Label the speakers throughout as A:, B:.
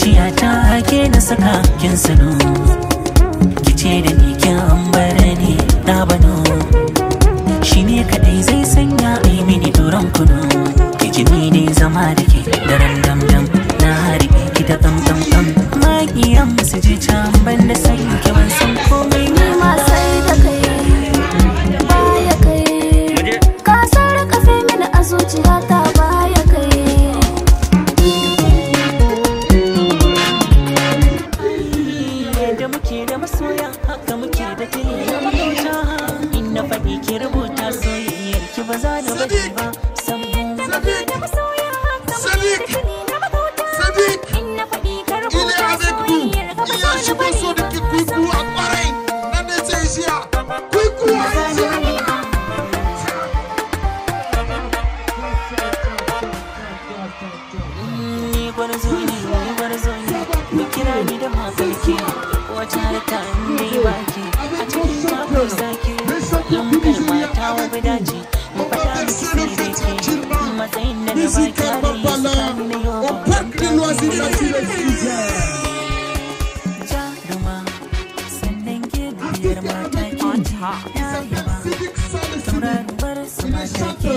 A: Ciyata hake na saka kin sano Kice da ni kin ambara ne na bano Shi ne kadai zai sanya ai mini turan kuno ni ne zama da ke daren dam Na hari ki da tam tam tam Magiyan su ji can ban da sanke ban san komai Sadiq Sadiq il est avec nous il a je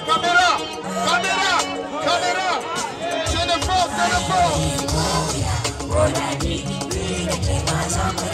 A: camera, camera, camera, camera. Jennifer, Jennifer.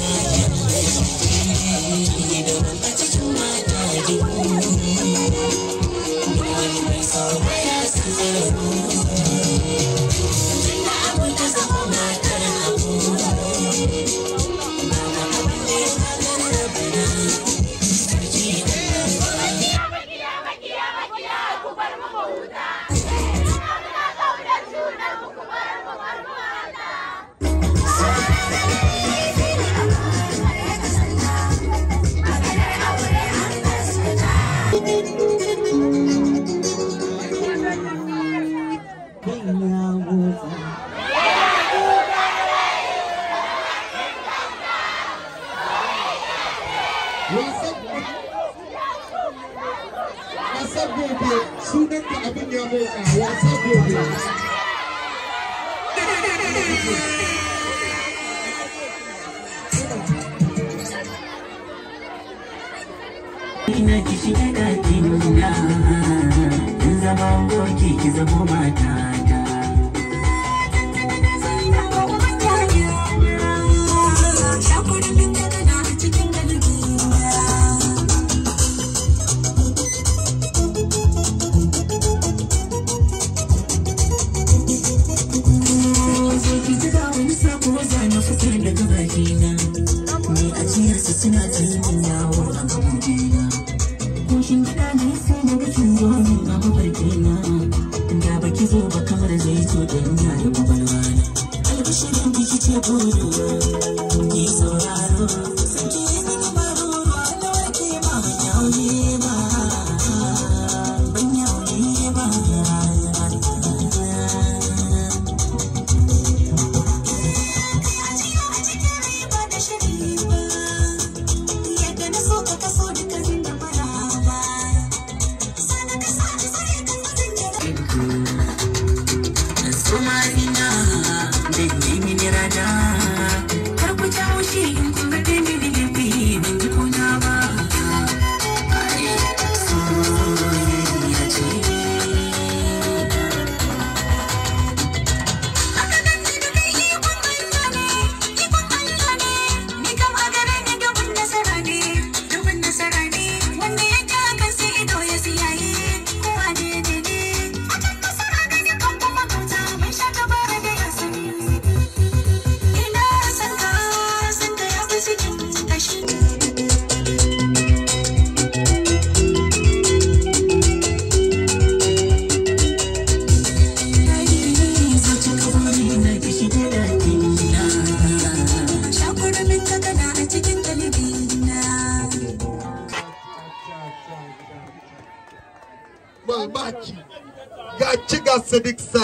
A: Thank you.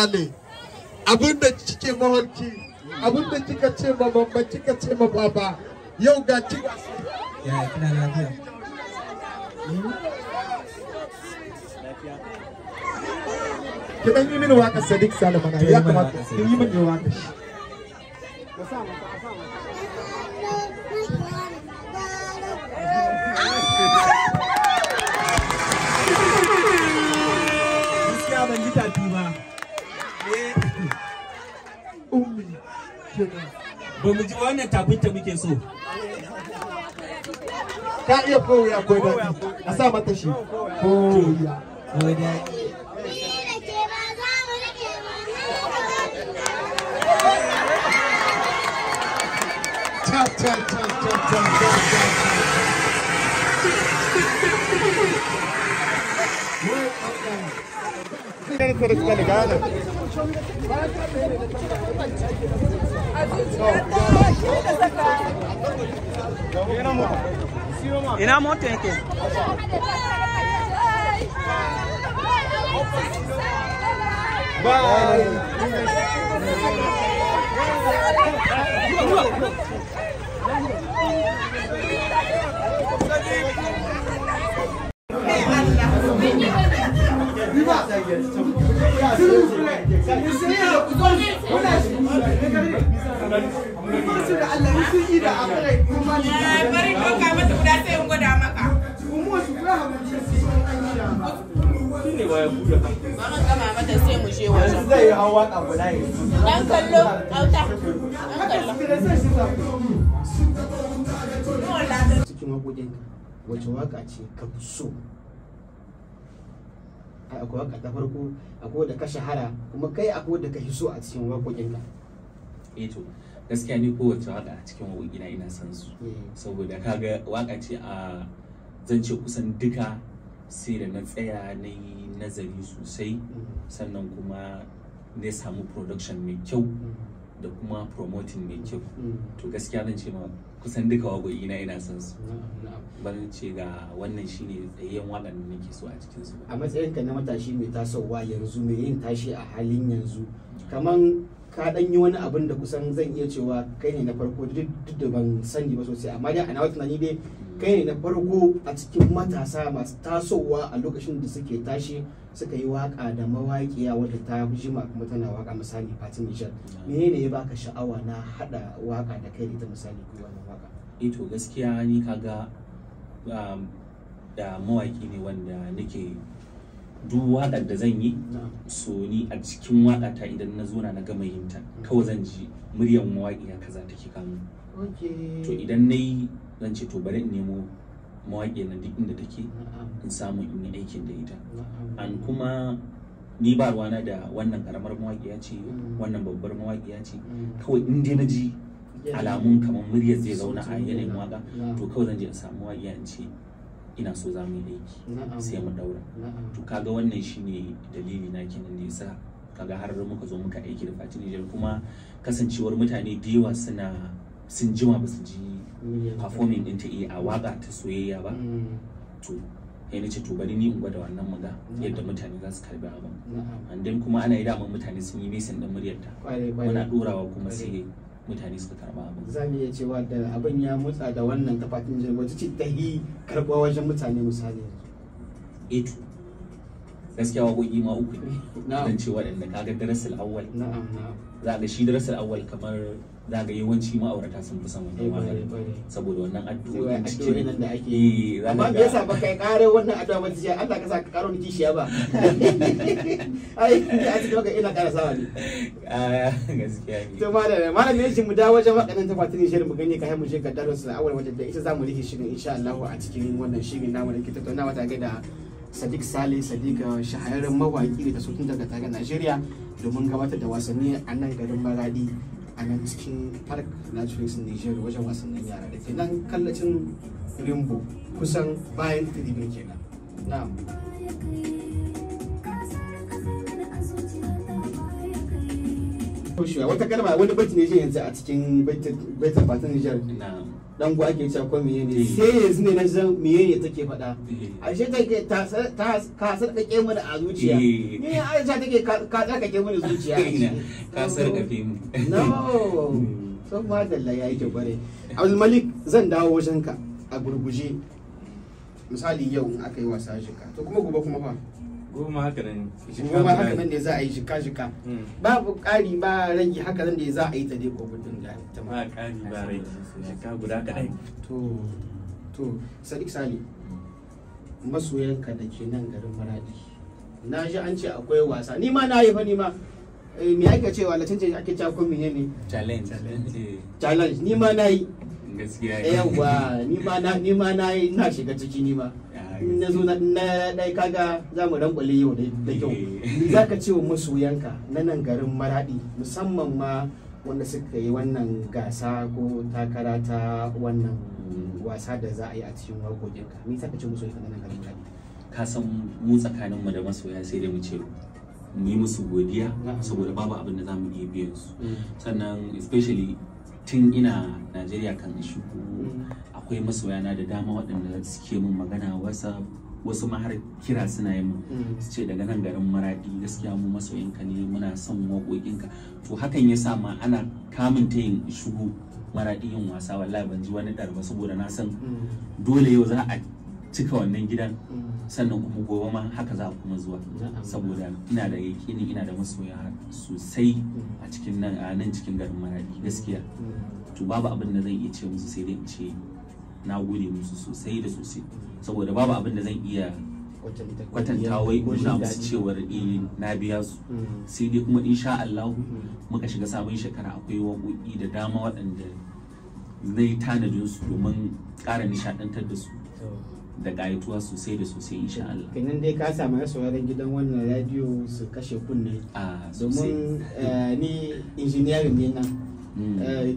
B: Allah ne abinda kike abin da kika ce ma mamma kika ce
A: ma baba yau ga ki ya kina lafiya ki dan yi min waka Sadiq Salamana ya kamata ki yi min waka shi ba mu ji wannan
C: tafinta muke so
A: ta iya koya ko da a sa mata shi koya ko da Ta ta Ina you. Bye. bari doka mata mu Dan kallo, Dan kallo.
B: Cikin waƙoƙin wace waƙa ce ka fi so? kai akwai waka ta farko akwai da ka shahara kuma kai akwai da ka hiso a cikin waƙoƙinka
C: eh to gaskiya ni kowace waka a cikin na ina son su eh. saboda ga waka ce a zan ce kusan duka sai da na tsaya na yi nazari sosai mm. sannan kuma na samu production mai kyau mm. da kuma promoting mai kyau mm. to gaskiya zan ce ma kusan duka wagoyi na ina son su bari ce ga wannan shine tsayayyen waɗanda nake so a cikin su
B: a matsayin ka na matashi mai tasowa yanzu mai yin tashi a halin yanzu kaman ka dan yi wani abin da kusan zan iya cewa kai ne na farko duk da ban sani ba sosai amma dai ana nawa tunani dai kai ne na farko a cikin matasa masu tasowa a lokacin da suke tashi suka yi waka da mawaƙiya wadda ta jima kuma tana waka misali fatin nijar ne ya baka sha'awa na hada waka da kai ita misali
C: ku waka eh to gaskiya ni kaga um, da mawaki ne wanda nake duk waƙar da zan yi so ni a cikin waƙa ta idan na zo na gama yin ta kawai zan ji muryar mawaƙiya kaza take kamo to idan nayi zan ce to bari in nemo mawaƙi nan duk inda take in samu in yi aikin da ita an kuma ni ba ruwana da wannan karamar ya ce mm. wannan babbar ya ce mm. kawai in dai na ji alamun kamar muryar zai zauna a yanayin waka to kawai zan je in samu mawaƙiya ya ce ina so za mu yi aiki sai mu daura to kaga wannan shine dalili na kenan da yasa kaga har muka zo muka aiki da Fati Niger kuma kasancewar mutane da suna sun jima ba su ji performing din ta iya eh, a waka ta soyayya ba mm. to ya nace to bari ni in gwada wannan maga mm. yadda mutane za su karbi abin and then kuma ana yi da amma mutane sun yi mesin din muryarta muna dorawa kuma sai mutane suka karba abin za mu iya
B: cewa da abin ya motsa da wannan ta jirgin wata ce ta yi karbuwa wajen mutane misali
C: eto eh to gaskiya waƙoƙi ma uku ne zan ce waɗanda kaga darasul awwal za ga shi darasul awwal kamar za ga yawanci ma'aurata sun fi samun yin wahala saboda wannan a cikin da ake yi eh, amma me yasa
B: baka kai kare wannan addu'a ba ta Allah ka saka ka karo niki shiya ba ai a cikin ga ina ƙara sawa ne ah, gaskiya ne to malam malama ne mu dawo wajen waɗannan tafatin shirin mu ganye ka mu je ka daro su wannan wajen da ita zamu rike shirin insha Allah a cikin wannan shirin namu da ke tattaunawa ga da Sadiq Saleh Sadiq uh, shahararren mawaki da ta daga tare Najeriya domin gabatar da wasanni a nan garin Maradi a nan cikin park na Felix Niger wajen wasannin yara da ke nan kallacin Rimbo kusan bayan Tribune kenan. na Wata kalma wani bajin ne yanzu a cikin baitin Niger. na dan gwa ake cewa ko ne. sai yanzu ne na san ne take faɗa eh. ashe take ta ka ke mana a zuciya ni eh. Aisha take ka sarkake mana
C: zuciya ka fi mu
B: no so ma da la ya ke bare Abdul Malik zan dawo wajen ka a gurguje misali yau in aka yi wasa shi ka to kuma gobe kuma fa
C: goma haka nan goma haka nan ne
B: za a yi shika shika hmm. babu ƙari ba rage haka nan ne za a yi ta dai kofin da
C: ta ma ƙari ba rage
B: shika guda kaɗai to to sadiq sali masoyanka da ke nan garin maradi na ji an ce akwai wasa ni ma na yi fa ni ma eh, me ake cewa latin ce ake cewa kun ne challenge challenge ni ma na yi
C: gaskiya yawa ni
B: ma na ni ma na yi na shiga ciki ni ma na zo na ɗaya kaga za mu rankwale yau da kyau eh. za ka ce wa masoyanka na nan garin maraɗi musamman ma wanda suka yi wannan gasa ko takara ta wannan wasa da za a yi a cikin waƙoƙinka me za ka ce masoyanka na nan garin maraɗi
C: ka san mu tsakaninmu da masoya sai dai mu ce mu yi musu godiya saboda babu abin da za mu iya biyan su mm. sannan especially tun ina najeriya kan shigo akwai masoyana da dama waɗanda suke mun magana wasu ma har kira suna yi mm. su ce daga nan garin Maraɗi, gaskiya mu masoyinka ne muna son waƙoƙinka to hakan ya sa ma ana kamun ta yin shigo maradi yin wasa wallahi ban ji wani ɗar ba saboda na san
A: mm.
C: dole yau za a cika wannan gidan mm. sannan kuma gobe ma haka za kuma zuwa saboda ina da yakini ina da masoya sosai mm. a cikin nan a nan cikin garin maradi mm. gaskiya to babu abin da zan iya ce musu sai dai in ce na gode musu sosai da sosai saboda babu abin da zan iya kwatanta wai nuna musu cewar eh, na biya su sai dai kuma insha Allah muka shiga sabon shekara akwai waƙoƙi da dama waɗanda zai tanadin su domin ƙara nishaɗantar da su da gayatuwa sosai da sosai insha Allah.
B: Kenan dai ka samu sauraron gidan wannan radio su kashe kunne. Domin ni injiniyarin ne nan.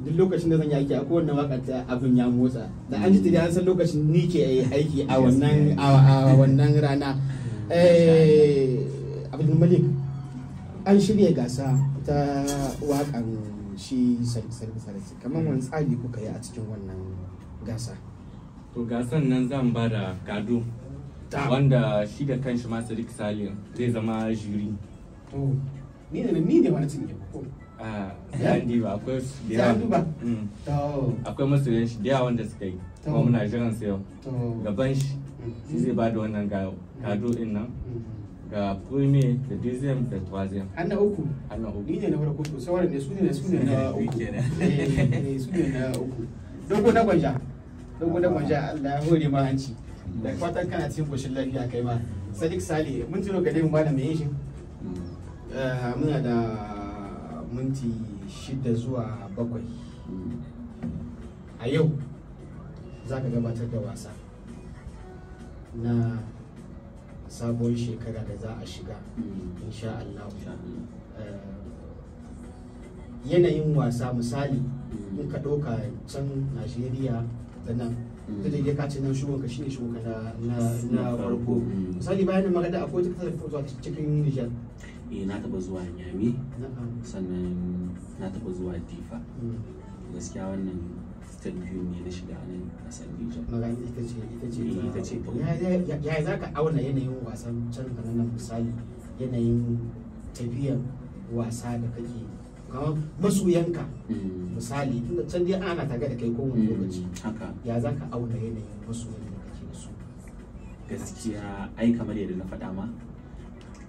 B: duk lokacin da zan yaki a kowane waka ta abin ya motsa da an ji an san lokacin ni ke aiki a wannan rana abdul malik an shirya gasa ta wakan shi sarki sarki kamar wani tsari kuka yi a
C: cikin wannan gasa to gasan nan zan ba da gado wanda shi da shi ma sadiq salim zai zama jiri to ni ne
B: ni ne wani ko
C: ba akwai su da yawa. Mm. Akwai masoyan shi da yawa wanda suka yi. Kuma muna jiran sa yau. Gaban shi shi zai ba da wannan gado mm. din nan. Mm. Ga Prime da Dizem da Troisième. An na uku. An na uku. Ni ne na farko to sauran ne su ne su ne na uku. Eh, eh,
B: su ne na uku. Dogo na gwanja. dogon da manja Allah ya hore ma hanci da fatan kana cikin koshin lafiya kai ma sadiq sale mun tiro ka dai mu bada mai yin muna da minti shida zuwa bakwai a yau za ka gabatar da wasa na sabon shekara da za a shiga insha Allah eh, yanayin wasa misali in ka ɗauka can Najeriya ta nan mm. ta da ka ce nan shugon ka shine shugon mm. na farko
A: mm. misali
C: bayan da magana akwai ta kasar zuwa cikin Nijar eh na taba zuwa Nyami sannan na taba zuwa Difa gaskiya wannan ta biyu ne na shiga nan kasar Nijar magana ita ce ita ce eh, ita ce ya za
A: ka auna yanayin
B: wasan can ka nan misali yanayin tafiyar wasa da kake kamar masoyanka mm. misali tunda can dai ana taga da kai kowane mm, lokaci
C: ya za ka auna yanayin masoyan da kake da su gaskiya ai kamar yadda na faɗa ma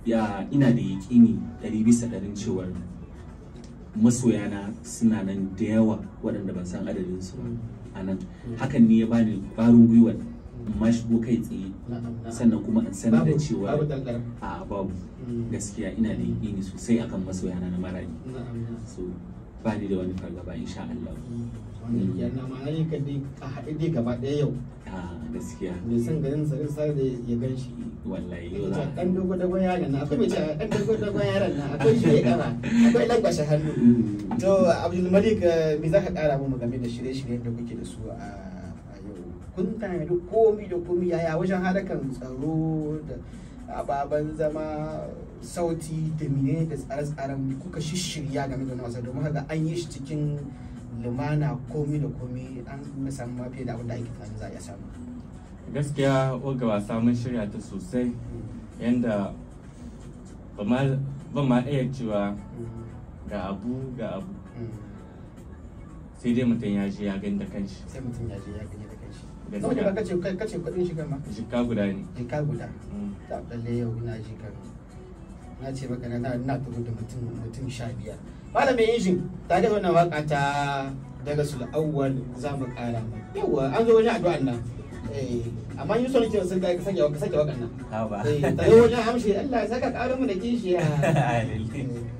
C: ya ina da yaƙini ɗari bisa ɗarin cewar masoyana suna nan da yawa waɗanda ban san adadinsu ba mm. a nan hakan ne ya bani ƙwarin gwiwar ma shigo kai tsaye sannan kuma in sanar da cewa a babu mm. gaskiya ina da yini sosai akan masoyana na marari so ba ni da wani fargaba insha Allah mm. wannan yana ma an yi ka dai ka haɗe dai gaba ɗaya yau gaskiya bai san garin sarin
B: sare da ya gan shi wallahi yau za dan dogo dogo yaron na akwai mace dan dogo dogo yaron na akwai shi dama akwai lagwashe hannu
A: mm.
B: to Abdul Malik eh, me zaka kara mu game da shirye-shiryen da kuke da su a kun tana da komi da komi yaya wajen harakan tsaro da ababen zama sauti da mine da tsare-tsaren kuka shishirya game da wasa domin haka an yi shi cikin lumana komi da komi an samu mafi da abin da ake tunanin za a iya samu
C: gaskiya waga wasa mun shirya ta sosai yadda ba ma iya cewa ga abu ga abu mm. sai dai mutum ya je ya gani da kanshi sai mutum ya je ya gani saboda ba
B: kace kace kudin shigar ma jikka guda ne jikka guda mm. ta lalle yau ina jikar na ce maka na na turo da mutum mutum sha biyar malamin injin ta da wannan waka ta daga sul awwal za mu kara yawa an zo wani addu'an nan eh, amma yi son kiran sun kai ka sake wakan
C: nan ha ba eh, ta yi
B: wajen amshi Allah ya saka karin mu da
C: kishiya